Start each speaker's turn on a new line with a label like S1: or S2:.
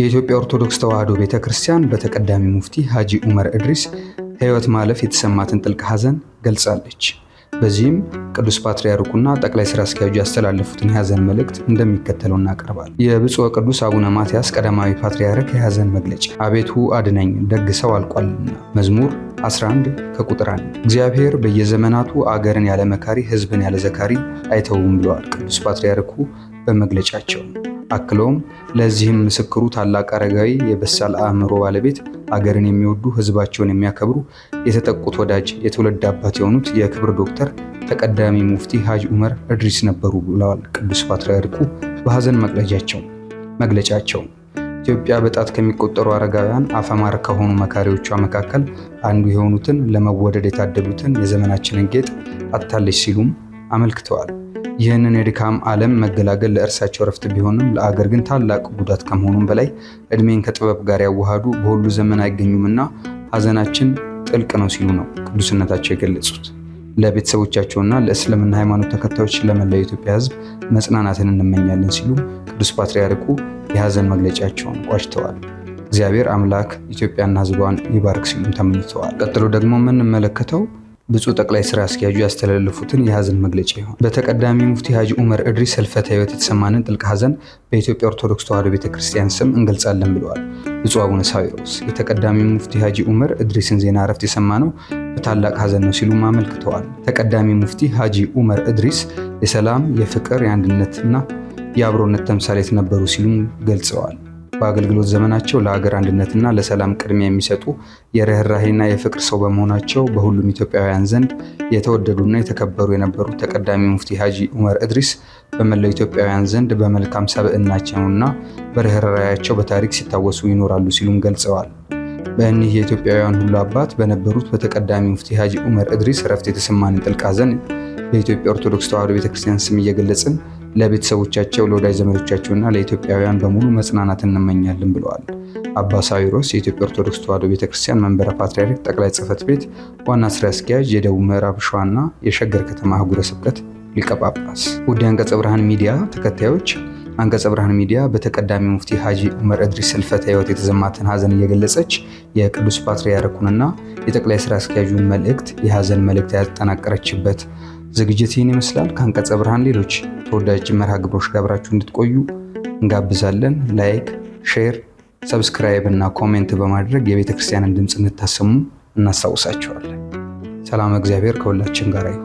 S1: የኢትዮጵያ ኦርቶዶክስ ተዋሕዶ ቤተ ክርስቲያን በተቀዳሚ ሙፍቲ ሐጂ ዑመር እድሪስ ሕይወት ማለፍ የተሰማትን ጥልቅ ሐዘን ገልጻለች። በዚህም ቅዱስ ፓትርያርኩና ጠቅላይ ሥራ አስኪያጁ ያስተላለፉትን የሐዘን መልእክት እንደሚከተለው እናቀርባል። የብፁዕ ቅዱስ አቡነ ማትያስ ቀዳማዊ ፓትርያርክ የሐዘን መግለጫ። አቤቱ አድነኝ ደግ ሰው አልቋልና። መዝሙር 11 ከቁጥር 1 እግዚአብሔር በየዘመናቱ አገርን ያለ መካሪ፣ ሕዝብን ያለ ዘካሪ አይተውም ብለዋል ቅዱስ ፓትርያርኩ በመግለጫቸው አክለውም ለዚህም ምስክሩ ታላቅ አረጋዊ፣ የበሳል አእምሮ ባለቤት፣ አገርን የሚወዱ ህዝባቸውን የሚያከብሩ የተጠቁት ወዳጅ፣ የትውልድ አባት የሆኑት የክብር ዶክተር ተቀዳሚ ሙፍቲ ሀጅ ዑመር እድሪስ ነበሩ ብለዋል ቅዱስ ፓትርያርኩ በሐዘን መግለጫቸው መግለጫቸው ኢትዮጵያ በጣት ከሚቆጠሩ አረጋውያን አፈማር ከሆኑ መካሪዎቿ መካከል አንዱ የሆኑትን ለመወደድ የታደሉትን የዘመናችንን ጌጥ አጥታለች ሲሉም አመልክተዋል። ይህንን የድካም ዓለም መገላገል ለእርሳቸው ረፍት ቢሆንም ለአገር ግን ታላቅ ጉዳት ከመሆኑም በላይ ዕድሜን ከጥበብ ጋር ያዋሃዱ በሁሉ ዘመን አይገኙምና ሐዘናችን ጥልቅ ነው ሲሉ ነው ቅዱስነታቸው የገለጹት። ለቤተሰቦቻቸውና ለእስልምና ሃይማኖት ተከታዮች ለመላው የኢትዮጵያ ሕዝብ መጽናናትን እንመኛለን ሲሉ ቅዱስ ፓትርያርኩ የሐዘን መግለጫቸውን ቋጭተዋል። እግዚአብሔር አምላክ ኢትዮጵያና ሕዝቧን ይባርክ ሲሉም ተመኝተዋል። ቀጥሎ ደግሞ የምንመለከተው ብፁዕ ጠቅላይ ስራ አስኪያጁ ያስተላለፉትን የሀዘን መግለጫ ይሆን። በተቀዳሚ ሙፍቲ ሀጂ ኡመር እድሪስ ህልፈተ ህይወት የተሰማንን ጥልቅ ሀዘን በኢትዮጵያ ኦርቶዶክስ ተዋህዶ ቤተ ክርስቲያን ስም እንገልጻለን ብለዋል ብፁዕ አቡነ ሳዊሮስ። የተቀዳሚ ሙፍቲ ሀጂ ኡመር እድሪስን ዜና እረፍት የሰማነው በታላቅ ሀዘን ነው ሲሉም አመልክተዋል። ተቀዳሚ ሙፍቲ ሀጂ ኡመር እድሪስ የሰላም የፍቅር፣ የአንድነትና የአብሮነት ተምሳሌት ነበሩ ሲሉም ገልጸዋል። በአገልግሎት ዘመናቸው ለሀገር አንድነትና ለሰላም ቅድሚያ የሚሰጡ የርኅራሄና የፍቅር ሰው በመሆናቸው በሁሉም ኢትዮጵያውያን ዘንድ የተወደዱና የተከበሩ የነበሩት ተቀዳሚ ሙፍቲ ሀጂ ዑመር እድሪስ በመላው ኢትዮጵያውያን ዘንድ በመልካም ሰብዕናቸውና በርኅራያቸው በታሪክ ሲታወሱ ይኖራሉ ሲሉም ገልጸዋል። በእኒህ የኢትዮጵያውያን ሁሉ አባት በነበሩት በተቀዳሚ ሙፍቲ ሀጂ ዑመር እድሪስ እረፍት የተሰማንን ጥልቅ ሐዘን በኢትዮጵያ ኦርቶዶክስ ተዋሕዶ ቤተክርስቲያን ስም እየገለጽን ለቤተሰቦቻቸው ለወዳጅ ዘመዶቻቸውና ለኢትዮጵያውያን በሙሉ መጽናናት እንመኛለን ብለዋል። አባ ሳዊሮስ የኢትዮጵያ ኦርቶዶክስ ተዋሕዶ ቤተ ክርስቲያን መንበረ ፓትርያርክ ጠቅላይ ጽፈት ቤት ዋና ስራ አስኪያጅ፣ የደቡብ ምዕራብ ሸዋና የሸገር ከተማ አህጉረ ስብከት ሊቀ ጳጳስ። ውድ ብርሃን ሚዲያ ተከታዮች አንቀጸ ብርሃን ሚዲያ በተቀዳሚ ሙፍቲ ሀጂ ዑመር እድሪስ ስልፈተ ህይወት የተዘማትን ሀዘን እየገለጸች የቅዱስ ፓትርያርኩንና የጠቅላይ ስራ አስኪያጁን መልእክት የሀዘን መልእክት ያጠናቀረችበት ዝግጅት ይህን ይመስላል። ከአንቀጸ ብርሃን ሌሎች ተወዳጅ መርሃ ግብሮች ጋር አብራችሁ እንድትቆዩ እንጋብዛለን። ላይክ፣ ሼር፣ ሰብስክራይብ እና ኮሜንት በማድረግ የቤተ ክርስቲያንን ድምፅ እንድታሰሙ እናስታውሳቸዋለን። ሰላም እግዚአብሔር ከሁላችን ጋር ይሁን።